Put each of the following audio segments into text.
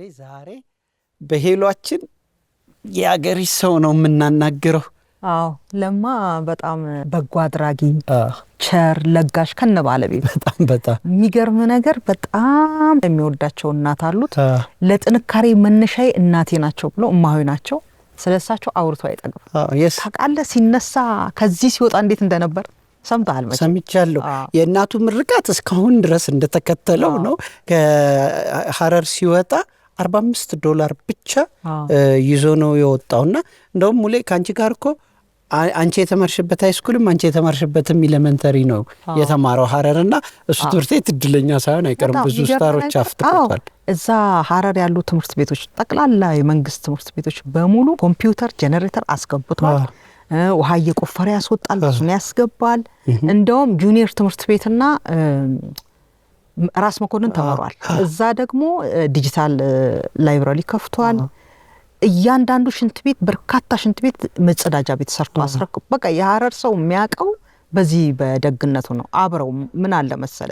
እንግዲህ ዛሬ በሄሏችን የአገሪ ሰው ነው የምናናግረው። አዎ ለማ በጣም በጎ አድራጊ፣ ቸር፣ ለጋሽ ከነ ባለቤት በጣም በጣም የሚገርም ነገር በጣም የሚወዳቸው እናት አሉት። ለጥንካሬ መነሻዬ እናቴ ናቸው ብሎ እማሆይ ናቸው። ስለ እሳቸው አውርቶ አይጠግም። ታውቃለህ ሲነሳ ከዚህ ሲወጣ እንዴት እንደነበር ሰምተሃል? ሰምቻለሁ። የእናቱ ምርቃት እስካሁን ድረስ እንደተከተለው ነው። ከሀረር ሲወጣ አባአምስት ዶላር ብቻ ይዞ ነው የወጣውና እንደውም ሙሌ ከአንቺ ጋር እኮ አንቺ የተማርሽበት ሃይስኩልም አንቺ የተማርሽበትም ኢሌመንተሪ ነው የተማረው ሀረር እና እሱ ትምህርት ቤት እድለኛ ሳይሆን አይቀርም። ብዙ ስታሮች አፍጥቷል። እዛ ሀረር ያሉ ትምህርት ቤቶች ጠቅላላ የመንግስት ትምህርት ቤቶች በሙሉ ኮምፒውተር ጀኔሬተር አስገብቷል። ውሃ እየቆፈረ ያስወጣል፣ እሱን ያስገባል። እንደውም ጁኒየር ትምህርት ቤትና ራስ መኮንን ተምሯል። እዛ ደግሞ ዲጂታል ላይብራሪ ከፍቷል። እያንዳንዱ ሽንት ቤት በርካታ ሽንት ቤት መጸዳጃ ቤት ሰርቶ አስረክቡ። በቃ የሀረር ሰው የሚያውቀው በዚህ በደግነቱ ነው። አብረው ምን አለ መሰለ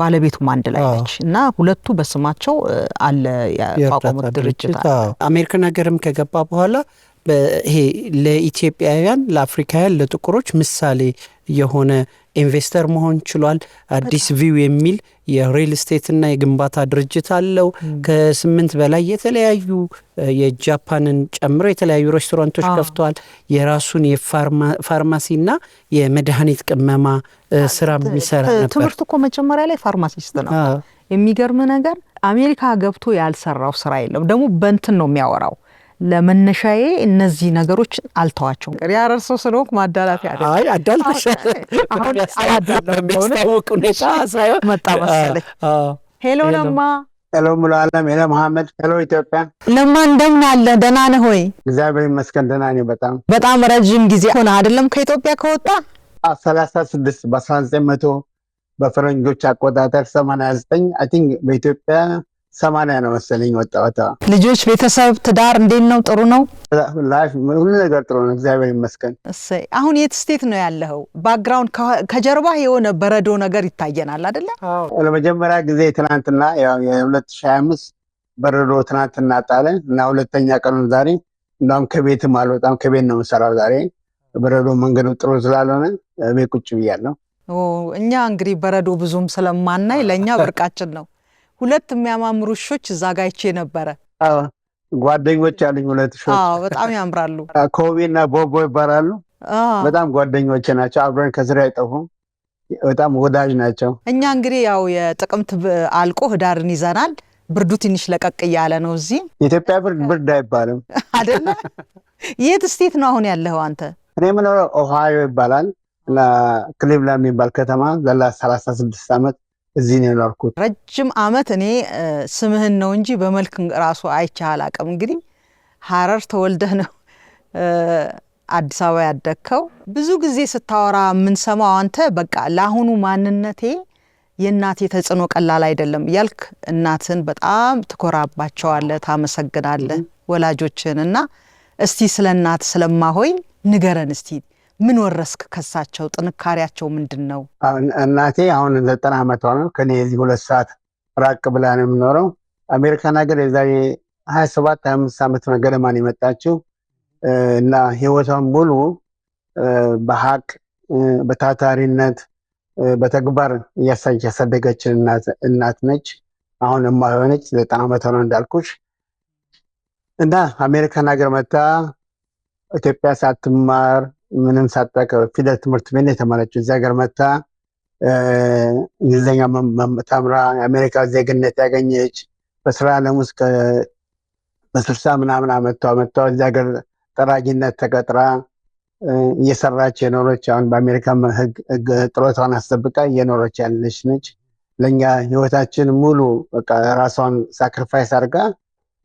ባለቤቱም አንድ ላይ ነች እና ሁለቱ በስማቸው አለ ያቋቋሙት ድርጅት። አሜሪካን ሀገርም ከገባ በኋላ ይሄ ለኢትዮጵያውያን፣ ለአፍሪካውያን፣ ለጥቁሮች ምሳሌ የሆነ ኢንቨስተር መሆን ችሏል። አዲስ ቪው የሚል የሪል ስቴትና የግንባታ ድርጅት አለው። ከስምንት በላይ የተለያዩ የጃፓንን ጨምሮ የተለያዩ ሬስቶራንቶች ከፍተዋል። የራሱን የፋርማሲና የመድኃኒት ቅመማ ስራ የሚሰራ ነበር። ትምህርት እኮ መጀመሪያ ላይ ፋርማሲስት ነው። የሚገርም ነገር አሜሪካ ገብቶ ያልሰራው ስራ የለም። ደግሞ በንትን ነው የሚያወራው ለመነሻዬ እነዚህ ነገሮች አልተዋቸውም። የአረር ስለሆንኩ ማዳላት ያደአይ አዳልተሻ የሚያስታውቅ ሁኔታ ሳይሆን መጣ መሰለኝ። ሄሎ ለማ ሄሎ ሙሉ አለም ሄሎ መሐመድ ሄሎ ኢትዮጵያ። ለማ እንደምን አለ? ደህና ነህ ሆይ? እግዚአብሔር ይመስገን ደህና ነኝ። በጣም በጣም ረዥም ጊዜ ሆነ አይደለም ከኢትዮጵያ ከወጣ ሰላሳ ስድስት በአስራ ዘጠኝ መቶ በፈረንጆች አቆጣጠር ሰማንያ ዘጠኝ አይ ቲንክ በኢትዮጵያ ሰማንያ ነው መሰለኝ ወጣ ልጆች፣ ቤተሰብ፣ ትዳር እንዴት ነው? ጥሩ ነው። ሁሉ ነገር ጥሩ ነው፣ እግዚአብሔር ይመስገን። እሰይ። አሁን የት ስቴት ነው ያለኸው? ባክግራውንድ ከጀርባ የሆነ በረዶ ነገር ይታየናል አይደለ? ለመጀመሪያ ጊዜ ትናንትና የሁለት ሺህ ሀያ አምስት በረዶ ትናንትና ጣለ እና ሁለተኛ ቀኑ ዛሬ እንዳውም ከቤትም አልወጣም፣ ከቤት ነው የምሰራው ዛሬ። በረዶ መንገዱ ጥሩ ስላልሆነ ቤት ቁጭ ብያለሁ። እኛ እንግዲህ በረዶ ብዙም ስለማናይ ለእኛ ብርቃችን ነው። ሁለት የሚያማምሩ ውሾች እዛ ጋ አይቼ ነበረ። ጓደኞች አሉኝ ሁለት ውሾች። በጣም ያምራሉ። ኮቢ እና ቦቦ ይባላሉ። በጣም ጓደኞች ናቸው። አብረን ከስራ አይጠፉም። በጣም ወዳጅ ናቸው። እኛ እንግዲህ ያው የጥቅምት አልቆ ህዳርን ይዘናል። ብርዱ ትንሽ ለቀቅ እያለ ነው። እዚህ የኢትዮጵያ ብርድ ብርድ አይባልም አይደለ? የት ስቴት ነው አሁን ያለኸው አንተ? እኔ የምኖረው ኦሃዮ ይባላል፣ ክሊቭላንድ የሚባል ከተማ ለላ 36 ዓመት እዚህ ነው ያልኩት። ረጅም አመት እኔ ስምህን ነው እንጂ በመልክ ራሱ አይቼህ አላውቅም። እንግዲህ ሀረር ተወልደህ ነው አዲስ አበባ ያደግከው። ብዙ ጊዜ ስታወራ የምንሰማው አንተ በቃ ለአሁኑ ማንነቴ የእናቴ ተጽዕኖ ቀላል አይደለም እያልክ እናትን በጣም ትኮራባቸዋለህ፣ ታመሰግናለህ ወላጆችን እና እስቲ ስለ እናት ስለማሆይ ንገረን እስቲ። ምን ወረስክ ከሳቸው? ጥንካሬያቸው ምንድን ነው? እናቴ አሁን ዘጠና ዓመቷ ነው። ከኔ የዚህ ሁለት ሰዓት ራቅ ብላ ነው የምኖረው። አሜሪካን ሀገር የዛሬ ሀያ ሰባት ሀያ አምስት ዓመት ገደማን የመጣችው እና ህይወቷን ሙሉ በሀቅ በታታሪነት በተግባር እያሳየች ያሳደገችን እናት ነች። አሁን እማ የሆነች ዘጠና ዓመቷ ነው እንዳልኩሽ እና አሜሪካን ሀገር መታ ኢትዮጵያ ሳትማር ምንም ሳጠቀ ፊደል ትምህርት ቤት ነው የተማረችው። እዚህ ሀገር መታ እንግሊዝኛ ተምራ የአሜሪካ ዜግነት ያገኘች በስራ ዓለም ውስጥ በስልሳ ምናምን አመቷ መጥቷ እዚ ሀገር ጠራጊነት ተቀጥራ እየሰራች የኖረች አሁን በአሜሪካ ህግ ጥሮቷን አስጠብቃ እየኖረች ያለች ነች። ለእኛ ህይወታችን ሙሉ ራሷን ሳክሪፋይስ አድርጋ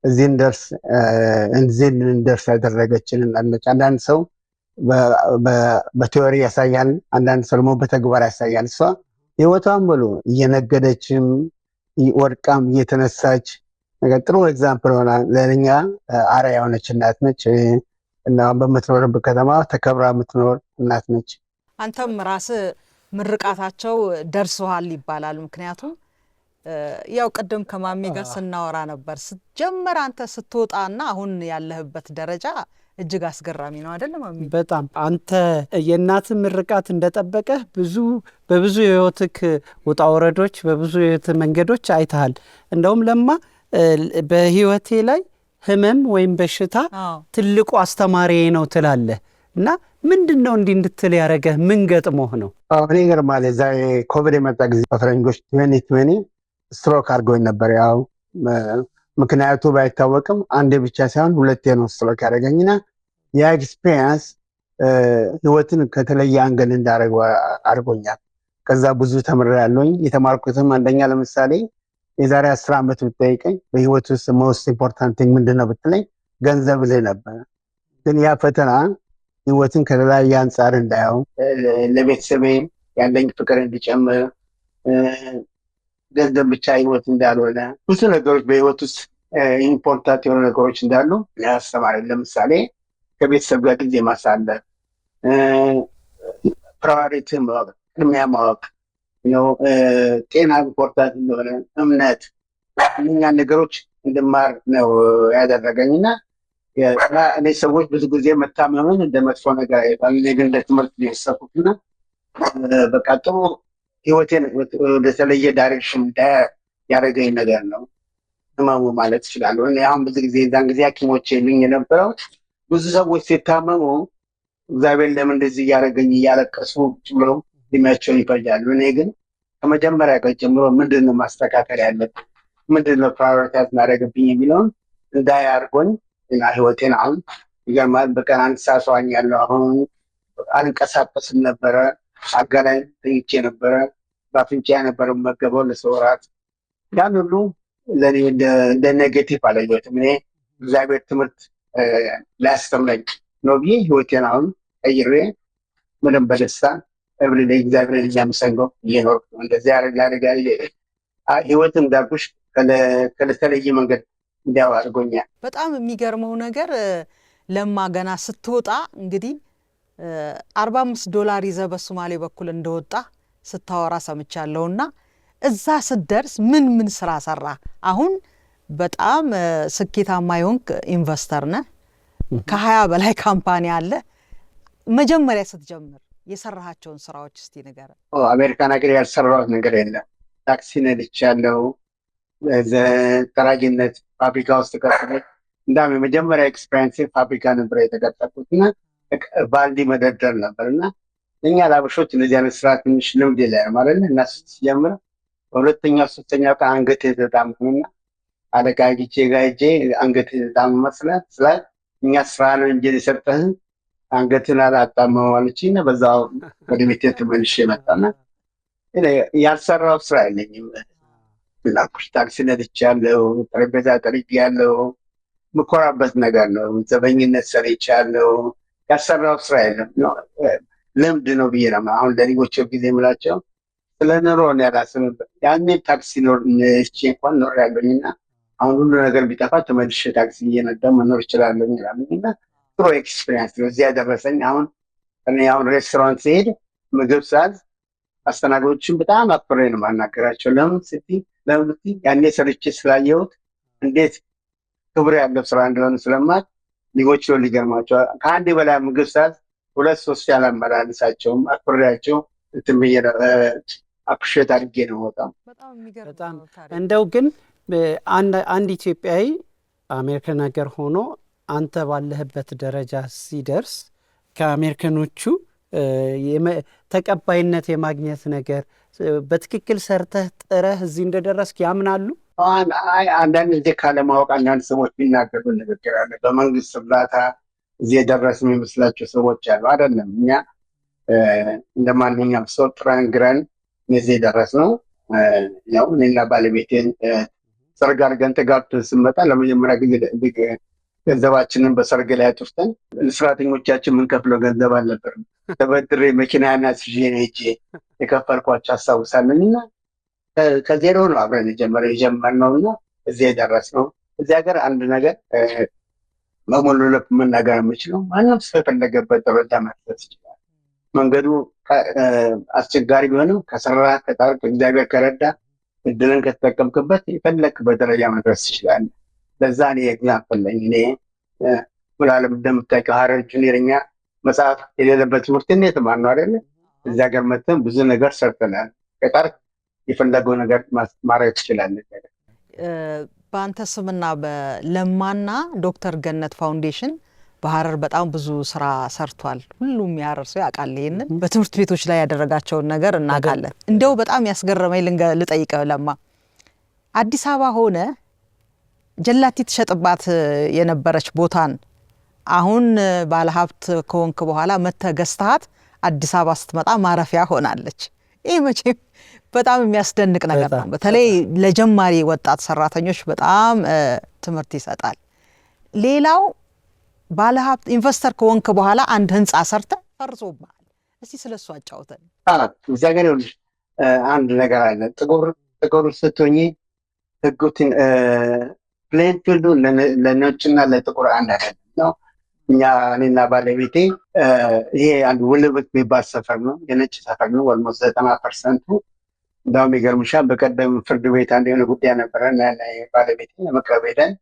እዚህ እንደርስ ያደረገችን ነች። አንዳንድ ሰው በቴዎሪ ያሳያል፣ አንዳንድ ሰው በተግባር ያሳያል። እሷ ህይወቷን ሙሉ እየነገደችም ወርቃም እየተነሳች ጥሩ ኤግዛምፕል ሆና ለእኛ አርአያ የሆነች እናት ነች እና በምትኖርበት ከተማ ተከብራ የምትኖር እናት ነች። አንተም ራስ ምርቃታቸው ደርሰዋል ይባላል። ምክንያቱም ያው ቅድም ከማሜ ጋር ስናወራ ነበር ጀመር አንተ ስትወጣና አሁን ያለህበት ደረጃ እጅግ አስገራሚ ነው አይደለም? በጣም አንተ የእናት ምርቃት እንደጠበቀህ ብዙ በብዙ የህይወትክ ውጣ ወረዶች በብዙ የህይወት መንገዶች አይተሃል። እንደውም ለማ በህይወቴ ላይ ህመም ወይም በሽታ ትልቁ አስተማሪ ነው ትላለህ እና ምንድን ነው እንዲህ እንድትል ያደረገ ምን ገጥሞህ ነው? እኔ ይገርማል። ዛ ኮቪድ የመጣ ጊዜ በፈረንጆች ትዌንቲ ስትሮክ አድርጎኝ ነበር። ያው ምክንያቱ ባይታወቅም አንዴ ብቻ ሳይሆን ሁለቴ ነው ስትሮክ ያደረገኝና ያ ኤክስፔሪንስ ህይወትን ከተለየ አንገል እንዳደረገው አድርጎኛል። ከዛ ብዙ ተምሬያለሁኝ። የተማርኩትም አንደኛ ለምሳሌ የዛሬ አስር ዓመት ብትጠይቀኝ በህይወት ውስጥ ሞስት ኢምፖርታንት ምንድን ነው ብትለኝ ገንዘብ ልህ ነበረ። ግን ያ ፈተና ህይወትን ከተለያየ አንጻር እንዳየው ለቤተሰቤ ያለኝ ፍቅር እንዲጨምር ገንዘብ ብቻ ህይወት እንዳልሆነ ብዙ ነገሮች በህይወት ውስጥ ኢምፖርታንት የሆኑ ነገሮች እንዳሉ ያስተማረኝ ለምሳሌ ከቤተሰብ ጋር ጊዜ ማሳለፍ፣ ፕራዮሪቲ ማወቅ፣ ቅድሚያ ማወቅ፣ ጤና ኢምፖርታንት እንደሆነ እምነት፣ እነኛ ነገሮች እንድማር ነው ያደረገኝ እና እኔ ሰዎች ብዙ ጊዜ መታመምን እንደ መጥፎ ነገር ይባል ግን ለትምህርት የሰኩት እና በቃ ጥሩ ህይወቴን በተለየ ዳይሬክሽን ያደረገኝ ነገር ነው ህመሙ ማለት ይችላሉ። አሁን ብዙ ጊዜ ዛን ጊዜ ሐኪሞች የሚኝ የነበረው ብዙ ሰዎች ሲታመሙ እግዚአብሔር ለምን እንደዚህ እያደረገኝ እያለቀሱ ብለው እድሜያቸውን ይፈጃሉ። እኔ ግን ከመጀመሪያ ቀን ጀምሮ ምንድን ማስተካከል ያለብኝ፣ ምንድነው ነው ፕራዮሪታይዝ ማድረግብኝ የሚለውን እንዳይ አድርጎኝ እና ህይወቴን አሁን ይገርማል። በቀን አንድ ሰዓት ሰዋኝ ያለው አሁን አልንቀሳቀስም ነበረ። አጋላይ ተኝቼ ነበረ። በአፍንጫ ነበረ መገበው ለሰውራት ያን ሁሉ ለእኔ እንደ ኔጌቲቭ አላየሁትም። እኔ እግዚአብሔር ትምህርት ላስተምረኝ ነው ብዬ ህይወቴን አሁን ቀይሬ ምንም በደስታ እብር ላይ እግዚአብሔርን እያመሰገንኩ እየኖርኩ እንደዚህ አረጋ አረጋ ህይወት እንዳልኩሽ ከተለየ መንገድ እንዲያው አድርጎኛል። በጣም የሚገርመው ነገር ለማ ገና ስትወጣ እንግዲህ አርባ አምስት ዶላር ይዘ በሶማሌ በኩል እንደወጣ ስታወራ ሰምቻለሁና እዛ ስትደርስ ምን ምን ስራ ሰራ አሁን በጣም ስኬታማ የሆንክ ኢንቨስተር ነ ከሀያ በላይ ካምፓኒ አለ። መጀመሪያ ስትጀምር የሰራሃቸውን ስራዎች እስቲ ንገረን። አሜሪካን ሀገር ያልሰራሁት ነገር የለም። ታክሲ ያለው ጠራጅነት ፋብሪካ ውስጥ ቀጥሎ እንዳውም የመጀመሪያ ኤክስፔሪንስ ፋብሪካ ነበር የተቀጠቁት እና ባልዲ መደርደር ነበር እና እኛ ላበሾች እነዚህ አይነት ስራ ትንሽ ልምድ የለንም አይደለ እና ስጀምረ በሁለተኛው ሶስተኛው ቀን አንገቴ ተጣምኩና አለቃ ጋጄ አንገት ጣም መስላት ስላት እኛ ስራ ነው እንጂ የሰጠህ አንገትን አላጣመው አለችኝ እና በዛው ወደ ቤት ተመልሼ መጣና ያልሰራው ስራ የለኝም። ላኩሽ ታክሲ ያለው ጠረጴዛ ያለው ምኮራበት ነገር ነው። ዘበኝነት ያለው ያልሰራው ስራ የለም። ልምድ ነው ብዬ ነው አሁን ለሊጎቸው ጊዜ የምላቸው ስለ ኑሮ ነው ያላስብበት። ያኔ ታክሲ ኖር እንኳን ኖር ያገኝና አሁን ሁሉ ነገር ቢጠፋ ተመልሼ ታክሲ እየነዳ መኖር እችላለሁ ይላል እና ጥሩ ኤክስፔሪንስ ነው እዚያ ደረሰኝ። አሁን እኔ አሁን ሬስቶራንት ሲሄድ ምግብ ሳዝ አስተናጋጆችን በጣም አክብሬ ነው ማናገራቸው። ለምን ስትይ ለምን ብትይ ያኔ ሰርቼ ስላየሁት እንዴት ክብር ያለው ስራ እንደሆነ ስለማት ሊጎች ነው ሊገርማቸዋል። ከአንድ በላይ ምግብ ሳዝ ሁለት ሶስት ያላመላልሳቸውም አክብሬያቸው እንትን ብዬ አፕሪሼት አድርጌ ነው ወጣም በጣም እንደው ግን አንድ ኢትዮጵያዊ አሜሪካን ሀገር ሆኖ አንተ ባለህበት ደረጃ ሲደርስ ከአሜሪካኖቹ ተቀባይነት የማግኘት ነገር በትክክል ሰርተህ ጥረህ እዚህ እንደደረስክ ያምናሉ። አንዳንድ ጊዜ ካለማወቅ አንዳንድ ሰዎች የሚናገሩ ንግግር አለ። በመንግስት እርዳታ እዚህ የደረስን የሚመስላቸው ሰዎች አሉ። አይደለም። እኛ እንደ ማንኛውም ሰው ጥረን ግረን እዚህ ነው። ያው እኔና ባለቤቴን ሰርግ አድርገን ተጋብተን ስንመጣ ለመጀመሪያ ጊዜ ገንዘባችንን በሰርግ ላይ አጥፍተን ስራተኞቻችን የምንከፍለው ገንዘብ አልነበርም። ተበድሬ መኪና ስዤን ሄጄ የከፈልኳቸው አስታውሳለኝ እና ከዜሮ ነው አብረን የጀመረ የጀመርነው እና እዚ እዚህ ነው። እዚ ሀገር አንድ ነገር በሙሉ ልብ መናገር የምችለው ማንም ስለፈለገበት ደረጃ መድረስ ይችላል። መንገዱ አስቸጋሪ ቢሆንም ከሰራ ከጣርቅ እግዚአብሔር ከረዳ እድልን ከተጠቀምክበት የፈለክበት በደረጃ መድረስ ትችላለህ። ለዛ እኔ ግናፈለኝ እኔ ምናለም እንደምታውቀው ሀረር ጁኒርኛ መጽሐፍ የሌለበት ትምህርት እንዴት ማን ነው አይደለ? እዚ ሀገር መተን ብዙ ነገር ሰርተናል። ቀጠር የፈለገው ነገር ማድረግ ትችላለ። በአንተ ስምና በለማና ዶክተር ገነት ፋውንዴሽን በሀረር በጣም ብዙ ስራ ሰርቷል። ሁሉም የሀረር ሰው ያውቃል። ይህንን በትምህርት ቤቶች ላይ ያደረጋቸውን ነገር እናውቃለን። እንደው በጣም ያስገረመኝ ልጠይቀው ለማ አዲስ አበባ ሆነ ጀላቲ ትሸጥባት የነበረች ቦታን አሁን ባለሀብት ከሆንክ በኋላ መተ ገዝተሃት አዲስ አበባ ስትመጣ ማረፊያ ሆናለች። ይህ መቼም በጣም የሚያስደንቅ ነገር ነው። በተለይ ለጀማሪ ወጣት ሰራተኞች በጣም ትምህርት ይሰጣል። ሌላው ባለሀብት ኢንቨስተር ከወንክ በኋላ አንድ ህንፃ ሰርተ ፈርሶብሃል። እስቲ ስለሱ አጫውተን። እዚያ ጋር ይኸውልሽ አንድ ነገር አለ። ጥቁር ስትሆኚ ህጉትን ፕሌን ፊልዱ ለነጭና ለጥቁር አንድ አይደለም ነው። እኛ እኔና ባለቤቴ ይሄ አንድ ውልብት የሚባል ሰፈር ነው፣ የነጭ ሰፈር ነው። ኦልሞስት ዘጠና ፐርሰንቱ እንዳውም ይገርምሻል። በቀደም ፍርድ ቤት አንድ የሆነ ጉዳይ ነበረ ባለቤቴ ለመቅረብ ሄደን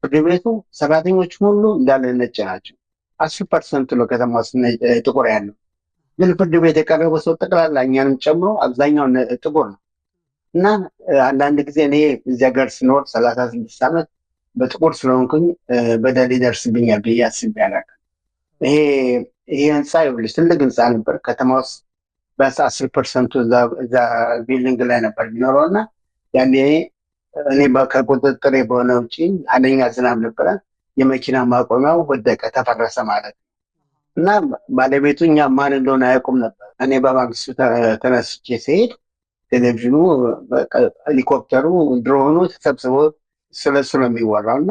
ፍርድ ቤቱ ሰራተኞች ሁሉ እንዳለ ነጭ ናቸው። አስር ፐርሰንት ነው ከተማ ጥቁር ያለው። ግን ፍርድ ቤት የቀረበ ሰው ጠቅላላ እኛንም ጨምሮ አብዛኛው ጥቁር ነው እና አንዳንድ ጊዜ እኔ እዚህ ገር ስኖር ሰላሳ ስድስት ዓመት በጥቁር ስለሆንኩኝ በደል ይደርስብኛል ብዬ አስቤ አላውቅም። ይሄ ይሄ ህንፃ ይኸውልሽ ትልቅ ህንፃ ነበር ከተማ ውስጥ በአስር ፐርሰንቱ እዛ ቢልዲንግ ላይ ነበር የሚኖረው እና ያኔ እኔ ከቁጥጥሬ በሆነ ውጭ አንደኛ ዝናብ ነበረ። የመኪና ማቆሚያው ወደቀ፣ ተፈረሰ ማለት ነው። እና ባለቤቱ እኛ ማን እንደሆነ አያውቁም ነበር። እኔ በማግስቱ ተነስቼ ስሄድ ቴሌቪዥኑ፣ ሄሊኮፕተሩ፣ ድሮኑ ተሰብስቦ ስለሱ ነው የሚወራው እና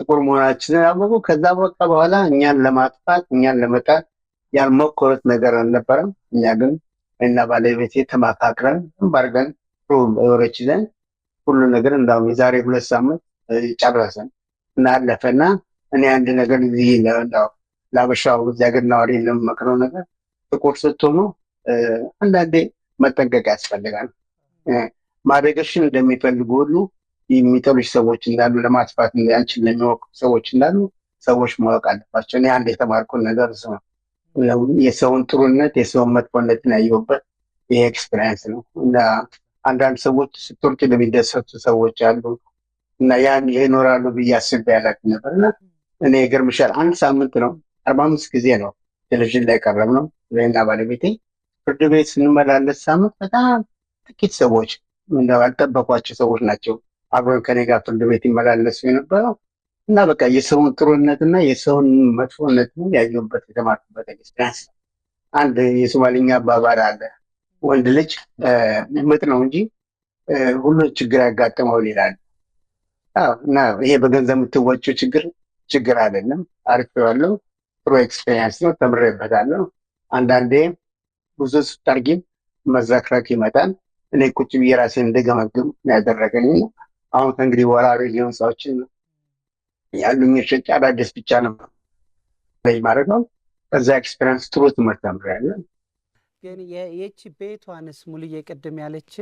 ጥቁር መሆናችንን አወቁ። ከዛ በቃ በኋላ እኛን ለማጥፋት እኛን ለመጣት ያልሞከሩት ነገር አልነበረም። እኛ ግን እና ባለቤቴ ተማካክረን ባርገን ሩ ወረች ይዘን ሁሉ ነገር እንዳውም የዛሬ ሁለት ሳምንት ጨረሰን እና አለፈና እኔ አንድ ነገር እዚህ እንዳው ለአበሻው እዚህ ሀገር ነዋሪ ለመመክረው ነገር ጥቁር ስትሆኑ አንዳንዴ መጠንቀቅ ያስፈልጋል። ማደገሽን እንደሚፈልጉ ሁሉ የሚጠሉሽ ሰዎች እንዳሉ ለማጥፋት አንቺን ለሚወቅ ሰዎች እንዳሉ ሰዎች ማወቅ አለባቸው። እኔ አንድ የተማርኩን ነገር እሱ ነው። የሰውን ጥሩነት የሰውን መጥፎነትን ያየሁበት ይሄ ኤክስፔሪንስ ነው እና አንዳንድ ሰዎች ቱርክ ለሚደሰቱ ሰዎች አሉ እና ያን ይኖራሉ ብዬ አስቤ ያላችሁ ነበር እና እኔ ግርምሻል አንድ ሳምንት ነው አርባ አምስት ጊዜ ነው ቴሌቪዥን ላይ ቀረብ ነው እና ባለቤቴ ፍርድ ቤት ስንመላለስ ሳምንት በጣም ጥቂት ሰዎች ያልጠበቋቸው ሰዎች ናቸው አብረን ከኔ ጋር ፍርድ ቤት ይመላለሱ የነበረው እና በቃ የሰውን ጥሩነት እና የሰውን መጥፎነት ያየሁበት የተማርኩበት ኤክስፔሪንስ። አንድ የሶማሊኛ አባባል አለ ወንድ ልጅ ምጥ ነው እንጂ ሁሉ ችግር ያጋጥመው ይላል እና ይሄ በገንዘብ የምትወጪው ችግር ችግር አይደለም። ያለው ጥሩ ኤክስፔሪንስ ነው። ተምሬበታለሁ። አንዳንዴ ብዙ ስታርጊም መዘክረክ ይመጣል። እኔ ቁጭ ብዬ ራሴን እንደገመግም ያደረገኝ አሁን ከእንግዲህ ወራሪ ሊሆን ሰዎችን ያሉ ሸጭ አዳዲስ ብቻ ነው ማድረግ ነው። ከዛ ኤክስፔሪንስ ጥሩ ትምህርት ተምሬያለሁ። ግን የቺ ቤቷንስ ሙሉዬ ቅድም ያለች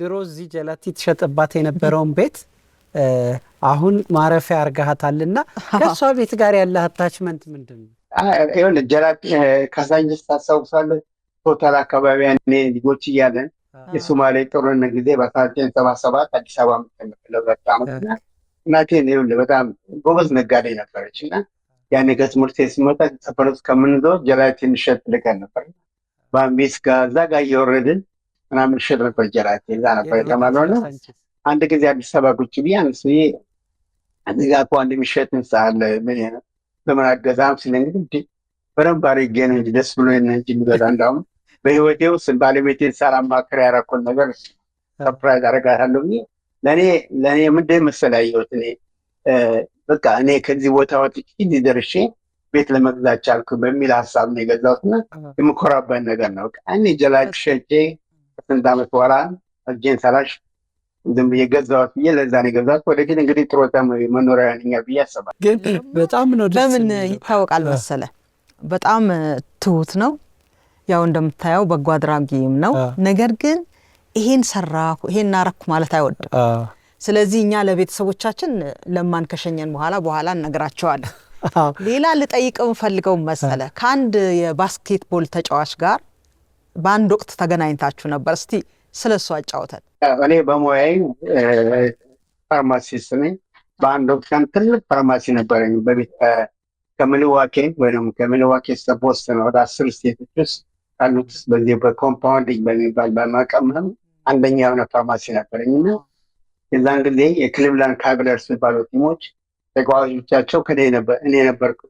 ድሮ እዚህ ጀላቲ ትሸጥባት የነበረውን ቤት አሁን ማረፊያ አርጋሃታል አርጋሃታልና ከእሷ ቤት ጋር ያለ አታችመንት ምንድን ነው? ጀላቲ ካዛንጅስ ታስታውሳለህ? ቶታል አካባቢ ያኔ ልጆች እያለን የሶማሌ ጦርነት ጊዜ በአስራ ዘጠኝ ሰባ ሰባት አዲስ አበባ የምትለበት ዓመትና እናቴን ይኸውልህ በጣም ጎበዝ ነጋዴ ነበረች እና ያኔ ከትምህርት ስመጣ ሰፈር ውስጥ ከምንዞር ጀላቲ እንሸጥ ልከን ነበር በአንቢት ከዛ ጋር እየወረድን ምናምን ሸጥ ነበር። ጀራት ዛ ነበር የተማርነው እና አንድ ጊዜ አዲስ አበባ ቁጭ ብዬ አንስ ብዬ እዚህ ጋ እኮ አንድ የሚሸጥ ህንፃ አለ ምን በምን አገዛም ስለ እንግዲህ በደንብ አድርጌ ነው እንጂ ደስ ብሎ እንጂ የሚገዛ እንዳሁም በህይወቴ ውስጥ ባለቤቴን ሳላማክር ያደረኩት ነገር ሰፕራይዝ አደርጋታለሁ ብዬ ለእኔ ለእኔ ምንድን መሰለህ ያየሁት እኔ በቃ እኔ ከዚህ ቦታ ወጥቼ ደርሼ ቤት ለመግዛት ቻልኩ በሚል ሀሳብ ነው የገዛሁት እና የምኮራበት ነገር ነው። እኔ ጀላጅ ሸጬ ስንት ዓመት በኋላ እጄን ሰላሽ ዝም ብዬ ገዛሁት ብዬ ለዛ ነው የገዛሁት። ወደፊት እንግዲህ ጥሮታ መኖሪያ ያንኛል ብዬ አስባለሁ። ግን በጣም ነው በምን ይታወቃል መሰለ በጣም ትሁት ነው። ያው እንደምታየው በጎ አድራጊም ነው። ነገር ግን ይሄን ሰራኩ ይሄን እናረኩ ማለት አይወድም። ስለዚህ እኛ ለቤተሰቦቻችን ለማን ከሸኘን በኋላ በኋላ እነግራቸዋለን። ሌላ ልጠይቅ የምፈልገው መሰለ ከአንድ የባስኬትቦል ተጫዋች ጋር በአንድ ወቅት ተገናኝታችሁ ነበር። እስቲ ስለ እሱ አጫውተን። እኔ በሙያዬ ፋርማሲስት ነኝ። በአንድ ወቅት ቀን ትልቅ ፋርማሲ ነበረኝ በቤት ከሚልዋኬ ወይም ከሚልዋኬ እስከ ቦስተን ወደ አስር ስቴቶች ውስጥ ካሉት በዚህ በኮምፓውንዲንግ በሚባል በመቀምህም አንደኛ የሆነ ፋርማሲ ነበረኝ እና የዛን ጊዜ የክሊቭላንድ ካቫለርስ የሚባሉ ቲሞች ተጓዦቻቸው ከእኔ ነበር እኔ ነበርኩ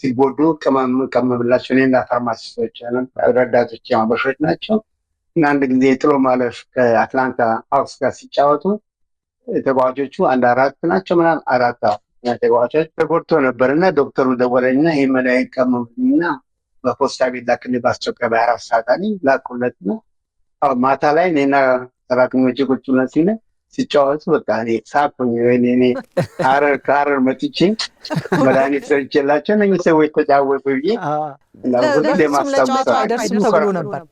ሲጎዱ ቅመም ቀመምላቸው እኔና ፋርማሲስቶች ረዳቶች አበሾች ናቸው። እና አንድ ጊዜ ጥሎ ማለፍ ከአትላንታ ሀውክስ ጋር ሲጫወቱ ተጓዦቹ አንድ አራት ናቸው ምናምን አራት ተጓዦች ተጎድቶ ነበር እና ዶክተሩ ደወለኝና ይህ መላይ ቀመምና በፖስታ ቤት ላክን በአስቸኳይ በአራት ሰዓት አለኝ ነው ማታ ላይ እኔና ሰራተኞች ቁጭ ብለን ሲለን ሲጫወቱ በቃ እኔ ሳቁኝ። ወይኔ እኔ ሀረር ከሀረር መጥቼ መድኃኒት ሰርቼላቸው እነ ሰዎች ተጫወቱ ብዬ ሁሌ ነበር።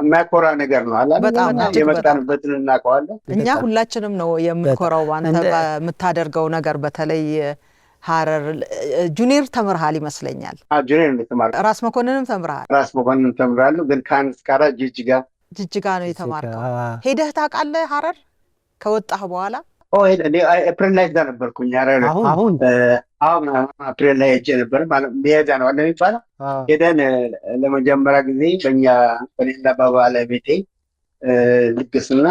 የሚያኮራ ነገር ነው አላ የመጣንበትን እናውቀዋለን። እኛ ሁላችንም ነው የምንኮራው አንተ በምታደርገው ነገር በተለይ ሀረር ጁኒር ተምርሃል ይመስለኛል። ጁኒር ተማር ራስ መኮንንም ተምርሃል። ራስ መኮንንም ተምርሃሉ፣ ግን ከአንድ እስከ አራት ጅጅጋ ጅጅጋ ነው የተማርከው። ሄደህ ታውቃለህ ሀረር ከወጣህ በኋላ? ኤፕሪል ላይ እዛ ነበርኩኝ ሀረር። አሁን አሁን አፕሪል ላይ ሄጄ ነበር። ሚያዝያ ነው አለ የሚባለው ሄደን ለመጀመሪያ ጊዜ በእኛ በሌላ በባለቤቴ ልግስና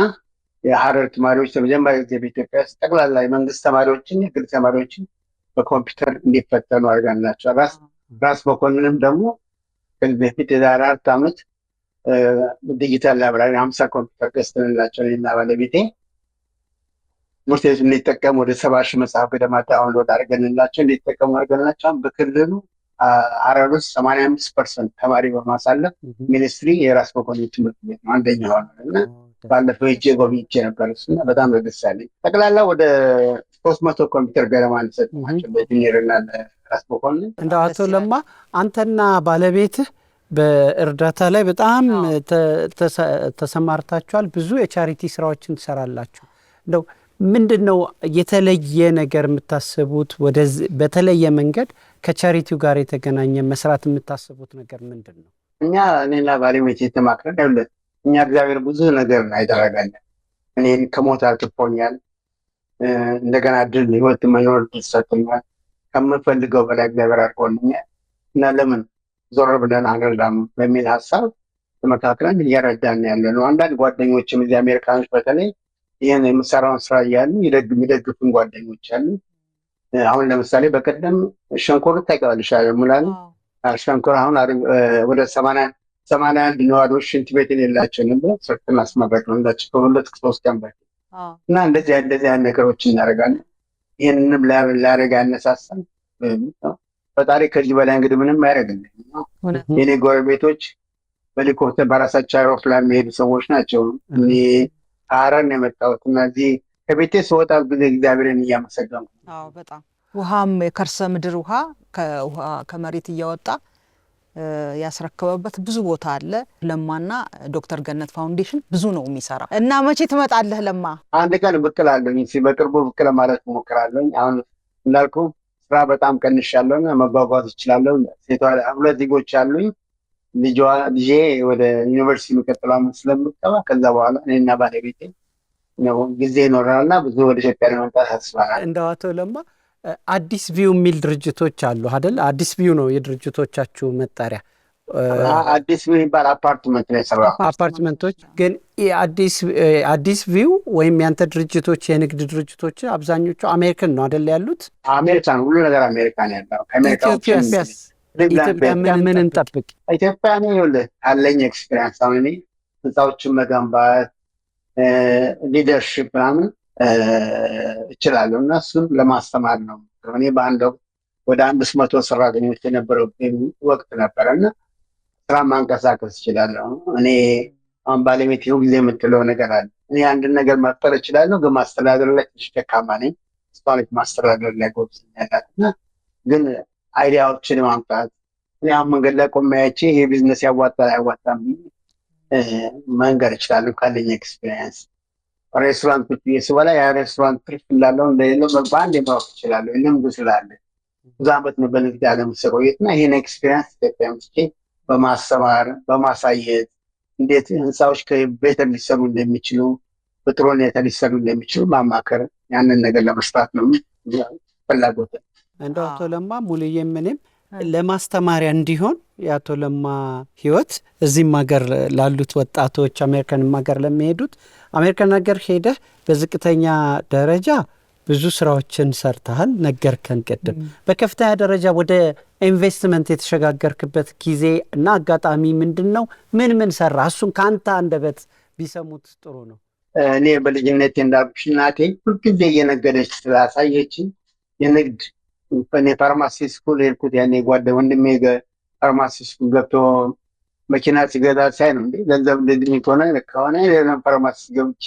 የሀረር ተማሪዎች ለመጀመሪያ ጊዜ በኢትዮጵያ ውስጥ ጠቅላላ የመንግስት ተማሪዎችን የግል ተማሪዎችን በኮምፒውተር እንዲፈተኑ አድርገንላቸዋል። ራስ መኮንንም ደግሞ ከዚህ በፊት የዛሬ አራት ዓመት ዲጂታል ላብራሪ ሀምሳ ኮምፒውተር ገዝተንላቸው እኔና ባለቤቴ ትምህርት ቤቱ እንዲጠቀሙ ወደ ሰባ ሺህ መጽሐፍ ገደማ ዳውንሎድ አድርገንላቸው እንዲጠቀሙ አድርገንላቸዋል። በክልሉ ሐረር ውስጥ ሰማንያ አምስት ፐርሰንት ተማሪ በማሳለፍ ሚኒስትሪ የራስ መኮንን ትምህርት ቤት ነው አንደኛ ሆነ እና ባለፈው ሄጄ ጎብኝቼ ነበር እና በጣም ደስ ያለኝ ጠቅላላ ወደ ሶስት መቶ ኮምፒውተር ገለማ ንሰጥማቸው በኢንጂነርና ራስ በሆን እንደ አቶ ለማ አንተና ባለቤትህ በእርዳታ ላይ በጣም ተሰማርታችኋል። ብዙ የቻሪቲ ስራዎችን ትሰራላችሁ። እንደው ምንድን ነው የተለየ ነገር የምታስቡት? በተለየ መንገድ ከቻሪቲው ጋር የተገናኘ መስራት የምታስቡት ነገር ምንድን ነው? እኛ እኔና ባለቤት የተማክረን እኛ እግዚአብሔር ብዙ ነገር አይደረጋለን። እኔን ከሞት አልክፎኛል እንደገና ድል ህይወት መኖር ሰጥቶኛል። ከምንፈልገው በላይ እግዚአብሔር አድርጎልኛል እና ለምን ዞር ብለን አንረዳም በሚል ሀሳብ ተመካክረን እየረዳን ያለ ነው። አንዳንድ ጓደኞችም እዚህ አሜሪካኖች በተለይ ይህን የምሰራውን ስራ እያሉ የሚደግፉን ጓደኞች አሉ። አሁን ለምሳሌ በቀደም ሸንኮር ታውቂዋለሽ ሙላል ሸንኮር አሁን ወደ ሰማንያ አንድ ነዋሪዎች ሽንት ቤት የሌላቸው ነበር። ስርትን አስመረቅ ነው እንዳቸው ከሁለት ሶስት ቀን በፊት እና እንደዚህ እንደዚህ አይነት ነገሮች እናደርጋለን። ይህንንም ላደርግ ያነሳሳል። ፈጣሪ ከዚህ በላይ እንግዲህ ምንም አያደርግልኝ። የኔ ጎረቤቶች በሄሊኮፕተር በራሳቸው አይሮፕላን የሚሄዱ ሰዎች ናቸው። እኔ ሀረርን የመጣሁት እና እዚህ ከቤቴ ስወጣ ጊዜ እግዚአብሔርን እያመሰገንኩ በጣም ውሃም የከርሰ ምድር ውሃ ከመሬት እያወጣ ያስረከበበት ብዙ ቦታ አለ። ለማና ዶክተር ገነት ፋውንዴሽን ብዙ ነው የሚሰራ እና መቼ ትመጣለህ ለማ? አንድ ቀን ብቅ በቅርቡ ብቅ ለማለት ሞክራለኝ። አሁን እንዳልኩ ስራ በጣም ቀንሻለሁ፣ መጓጓዝ እችላለሁ። ሴቷ ሁለት ዜጎች አሉኝ። ልጄ ወደ ዩኒቨርሲቲ የሚቀጥለው አመት ስለምገባ ከዛ በኋላ እኔና ባለቤቴ ጊዜ ይኖረናልና ብዙ ወደ ኢትዮጵያ ለመምጣት አስባለሁ። እንደው አቶ ለማ አዲስ ቪው የሚል ድርጅቶች አሉ አደል? አዲስ ቪው ነው የድርጅቶቻችሁ መጠሪያ። አዲስ ቪው የሚባል አፓርትመንት ነው የሰራ አፓርትመንቶች። ግን አዲስ ቪው ወይም ያንተ ድርጅቶች የንግድ ድርጅቶች አብዛኞቹ አሜሪካን ነው አደል ያሉት? አሜሪካን ሁሉ ነገር አሜሪካን ያለው ኢትዮጵያ ምን እንጠብቅ? ኢትዮጵያ ነው ይኸውልህ፣ አለኝ ኤክስፔሪንስ አሁን ህንፃዎችን መገንባት ሊደርሽፕ ምናምን እችላለሁ እና እሱን ለማስተማር ነው። እኔ በአንድ ወቅት ወደ አምስት መቶ ሰራተኞች የነበረው ወቅት ነበረ እና ስራ ማንቀሳቀስ እችላለሁ። እኔ አሁን ባለቤት ይኸው ጊዜ የምትለው ነገር አለ። እኔ አንድን ነገር መፍጠር እችላለሁ፣ ግን ማስተዳደር ላይ ትንሽ ደካማ ነኝ። ስፓኖች ማስተዳደር ላይ ጎብዝ ያላት እና ግን አይዲያዎችን ማምጣት እኔ አሁን መንገድ ላይ ቆሜ ይሄ ቢዝነስ ያዋጣል አያዋጣም መንገድ እችላለሁ ካለኝ ኤክስፔሪንስ ሬስቶራንት ሬስቶራንቶች እየስበላ ያ ሬስቶራንት ትርፍ እንዳለው እንደሌለው በአንድ የማወቅ ይችላለሁ። ልምዱ ስላለ ብዙ ዓመት ነው በንግድ ዓለም ስቆየትና ይህን ኤክስፔሪንስ ኢትዮጵያ ምስቼ በማስተማር በማሳየት እንዴት ህንፃዎች ቤተር ሊሰሩ እንደሚችሉ በጥሩ ሁኔታ ሊሰሩ እንደሚችሉ ማማከር ያንን ነገር ለመስራት ነው ፍላጎት እንደ አቶ ለማ ሙሉዬም እኔም ለማስተማሪያ እንዲሆን የአቶ ለማ ህይወት እዚህም ሀገር ላሉት ወጣቶች አሜሪካን ሀገር ለሚሄዱት አሜሪካን ሀገር ሄደህ በዝቅተኛ ደረጃ ብዙ ስራዎችን ሰርተሃል፣ ነገርከን ቅድም። በከፍተኛ ደረጃ ወደ ኢንቨስትመንት የተሸጋገርክበት ጊዜ እና አጋጣሚ ምንድን ነው? ምን ምን ሰራ? እሱን ከአንተ አንደበት ቢሰሙት ጥሩ ነው። እኔ በልጅነቴ እንዳልኩሽ እናቴ ሁልጊዜ እየነገደች ስላሳየችኝ የንግድ እኔ ፋርማሲ ስኩል ሄድኩት ያኔ ጓደ ወንድሜ ፋርማሲ ስኩል ገብቶ መኪና ሲገዛ ሳይ ነው እንዴ ገንዘብ እንደዚህ ከሆነ ከሆነ ፋርማሲ ገብቼ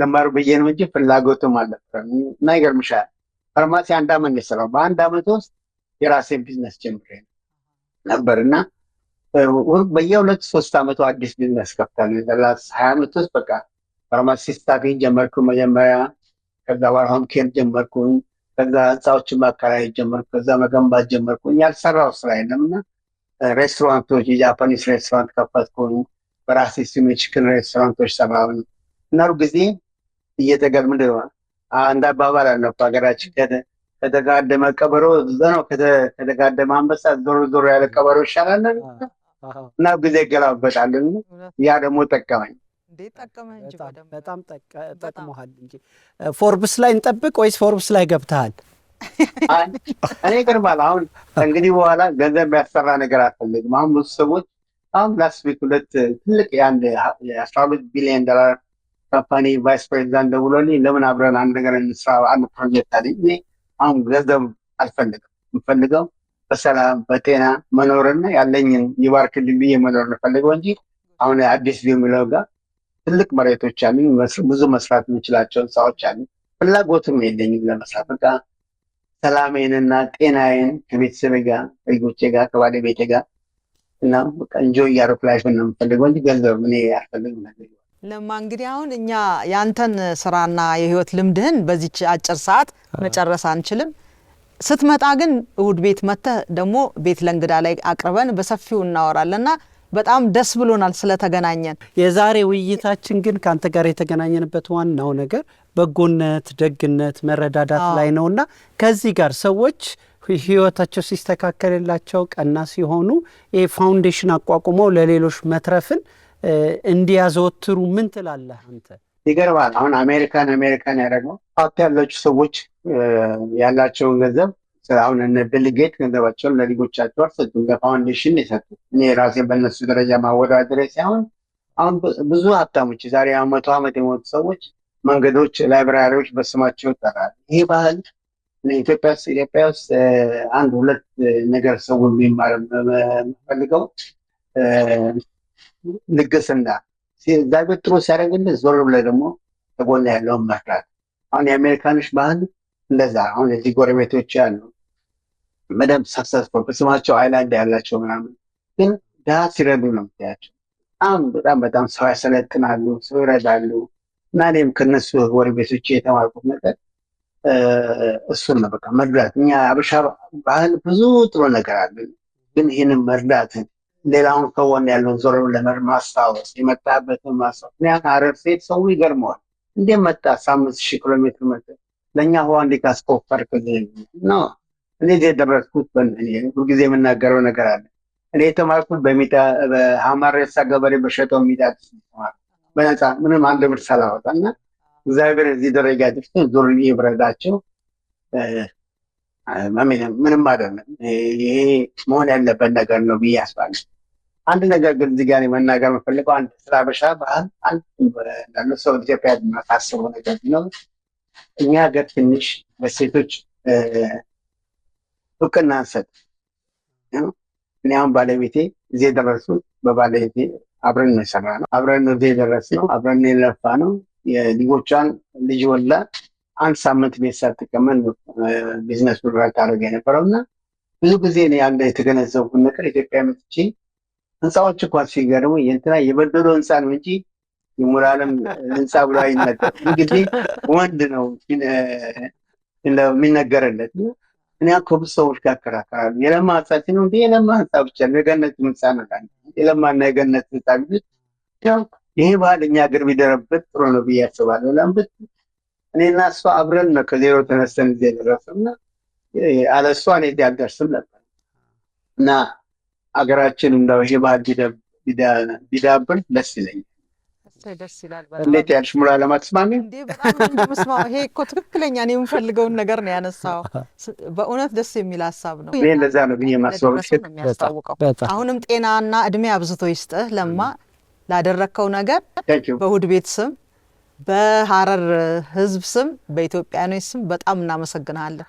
ለማሩ ብዬ ነው እንጂ ፍላጎትም አልነበረም። እና ይገርምሻል ፋርማሲ አንድ አመት ነው የሰራው። በአንድ አመት ውስጥ የራሴን ቢዝነስ ጀምሬ ነበር እና በየሁለት ሶስት አመቱ አዲስ ቢዝነስ ከፍታል። ላስ ሀያ አመት ውስጥ በቃ ፋርማሲ ስታፊን ጀመርኩ መጀመሪያ። ከዛ በኋላ ሆም ኬር ጀመርኩኝ ከዛ ህንፃዎችን ማከራየት ጀመርኩ። ከዛ መገንባት ጀመርኩ። እኛ ያልሰራው ስራ የለም እና ሬስቶራንቶች፣ የጃፓኒስ ሬስቶራንት ከፈትኩኝ። በራሴ ስሜ ችክን ሬስቶራንቶች ሰራሁኝ እና ሩ ጊዜ እየተገል ምንድን ነው አንድ አባባል አለ በሀገራችን ከተጋደመ ቀበሮ እዛ ነው ከተጋደመ አንበሳ ዞሮ ዞሮ ያለ ቀበሮ ይሻላል እና ጊዜ ይገላበጣል። ያ ደግሞ ጠቀመኝ። በጣም ጠቅመሃል እንጂ ፎርብስ ላይ እንጠብቅ ወይስ ፎርብስ ላይ ገብተሃል? እኔ ቅርባል አሁን እንግዲህ በኋላ ገንዘብ ያሰራ ነገር አልፈልግም። አሁን ብዙ ሰዎች አሁን ላስት ዊክ ሁለት ትልቅ የአንድ የአስራ ሁለት ቢሊዮን ዶላር ካምፓኒ ቫይስ ፕሬዚዳንት ደውሎልኝ ለምን አብረን አንድ ነገር እንስራ አንድ ፕሮጀክት አለ። አሁን ገንዘብ አልፈልግም። የምፈልገው በሰላም በጤና መኖርና ያለኝን ይባርክልኝ ብዬ መኖር እንፈልገው እንጂ አሁን አዲስ የሚለው ጋር ትልቅ መሬቶች ያሉኝ ብዙ መስራት የምችላቸውን ህንፃዎች አሉ። ፍላጎትም የለኝም ለመስራት። በቃ ሰላሜንና ጤናዬን ከቤተሰቤ ጋር ከልጆቼ ጋር ከባለቤቴ ጋር እና በቃ እንጆ እያደረኩ ላይፍ ነው የምፈልገው እንጂ ገንዘብ እኔ አልፈልግም። ለማ እንግዲህ አሁን እኛ ያንተን ስራና የህይወት ልምድህን በዚች አጭር ሰዓት መጨረስ አንችልም። ስትመጣ ግን እሁድ ቤት መጥተህ ደግሞ ቤት ለእንግዳ ላይ አቅርበን በሰፊው እናወራለንና በጣም ደስ ብሎናል ስለተገናኘን። የዛሬ ውይይታችን ግን ከአንተ ጋር የተገናኘንበት ዋናው ነገር በጎነት፣ ደግነት፣ መረዳዳት ላይ እና ከዚህ ጋር ሰዎች ህይወታቸው ሲስተካከልላቸው ቀና ሲሆኑ ይህ ፋውንዴሽን አቋቁመው ለሌሎች መትረፍን እንዲያዘወትሩ ምን ትላለህ አንተ? ይገርባል። አሁን አሜሪካን አሜሪካን ያደረገው ሀብት ያላቸው ሰዎች ያላቸውን ገንዘብ አሁን እነ ቢል ጌት ገንዘባቸውን ለሊጎቻቸው አልሰጡም፣ ለፋውንዴሽን የሰጡት። እኔ ራሴ በእነሱ ደረጃ ማወዳደር ሳይሆን አሁን ብዙ ሀብታሞች ዛሬ መቶ ዓመት የሞቱ ሰዎች መንገዶች፣ ላይብራሪዎች በስማቸው ይጠራል። ይሄ ባህል ኢትዮጵያ ውስጥ አንድ ሁለት ነገር ሰው የሚማር የምፈልገው ልግስና እግዚአብሔር ጥሩ ሲያደርግልህ ዞር ብለህ ደግሞ ተጎና ያለውን መርዳት። አሁን የአሜሪካኖች ባህል እንደዛ አሁን እዚህ ጎረቤቶች ያሉ በደንብ ሰክሰስፉል ስማቸው አይላንድ ያላቸው ምናምን ግን ዳ ሲረዱ ነው ምታያቸው። በጣም በጣም በጣም ሰው ያሰለጥናሉ፣ ሰው ይረዳሉ። እና እኔም ከነሱ ወር ቤቶች የተማርኩት ነገር እሱን ነው። በቃ መርዳት እኛ አበሻ ባህል ብዙ ጥሩ ነገር አለ። ግን ይህንን መርዳትን ሌላውን ከወን ያለውን ዞሮ ለማስታወስ የመጣበትን ማስታወስ ምክንያቱ ሀረር ሴት ሰው ይገርመዋል። እንዴት መጣ አምስት ሺህ ኪሎ ሜትር መ ለእኛ ውሃ እንዴት አስቆፈርክ ነው እንዴት የደረስኩት ሁልጊዜ የምናገረው ነገር አለ። እኔ የተማርኩት በሀማሬሳ ገበሬ በሸጠው ሚዳ በነፃ ምንም አንድ ብር ሳላወጣ እና እግዚአብሔር እዚህ ደረጃ ድፍትን ዙር ይብረዳቸው። ምንም አይደለም። ይሄ መሆን ያለበት ነገር ነው ብዬ አስባለሁ። አንድ ነገር ግን እዚህ ጋር መናገር የምፈልገው አንድ ስላበሻ አበሻ ባህል አንድ ሰው ኢትዮጵያ ማሳስበው ነገር ቢኖር እኛ ሀገር ትንሽ በሴቶች እውቅና አንሰጥ። እኔ አሁን ባለቤቴ እዚህ የደረሱ በባለቤቴ አብረን ነው የሰራ ነው፣ አብረን ነው እዚህ የደረስ ነው፣ አብረን ነው የለፋ ነው። የልጆቿን ልጅ ወላ አንድ ሳምንት ቤት ሳትቀመን ቢዝነስ ብራ ታደርገ የነበረው እና ብዙ ጊዜ ያለ የተገነዘብኩት ነገር ኢትዮጵያ መጥቼ ህንፃዎች እኳ ሲገርሙ የእንትና የበደሎ ህንፃ ነው እንጂ የሙላለም ህንፃ ብሎ አይነገር። እንግዲህ ወንድ ነው የሚነገርለት እኔ ከብዙ ሰዎች ጋር አከራከራሉ። የለማ ህንፃ ሲሉ እንዲ የለማ ህንፃ ብቻ ነው የገነት ህንፃ ነው የለማና የገነት ህንፃ ቢሉት ያው ይሄ ባህል እኛ ሀገር ቢደረበት ጥሩ ነው ብዬ አስባለሁ። ለምብት እኔና እሷ አብረን ነው ከዜሮ ተነስተን እዚህ ደረስና አለ እሷ እኔ አልደርስም ነበር እና አገራችን እንደው ይሄ ባህል ቢዳብር ደስ ይለኛል። እንዴት ያልሽ ሙሉ አለማት ይሄ እኮ ትክክለኛ እኔ የምፈልገውን ነገር ነው ያነሳው። በእውነት ደስ የሚል ሀሳብ ነው። ይህ ለዛ ነው ግን የሚያስታውቀው። አሁንም ጤናና እድሜ አብዝቶ ይስጥህ ለማ፣ ላደረግከው ነገር በእሑድ ቤት ስም በሀረር ህዝብ ስም በኢትዮጵያኖች ስም በጣም እናመሰግናለን።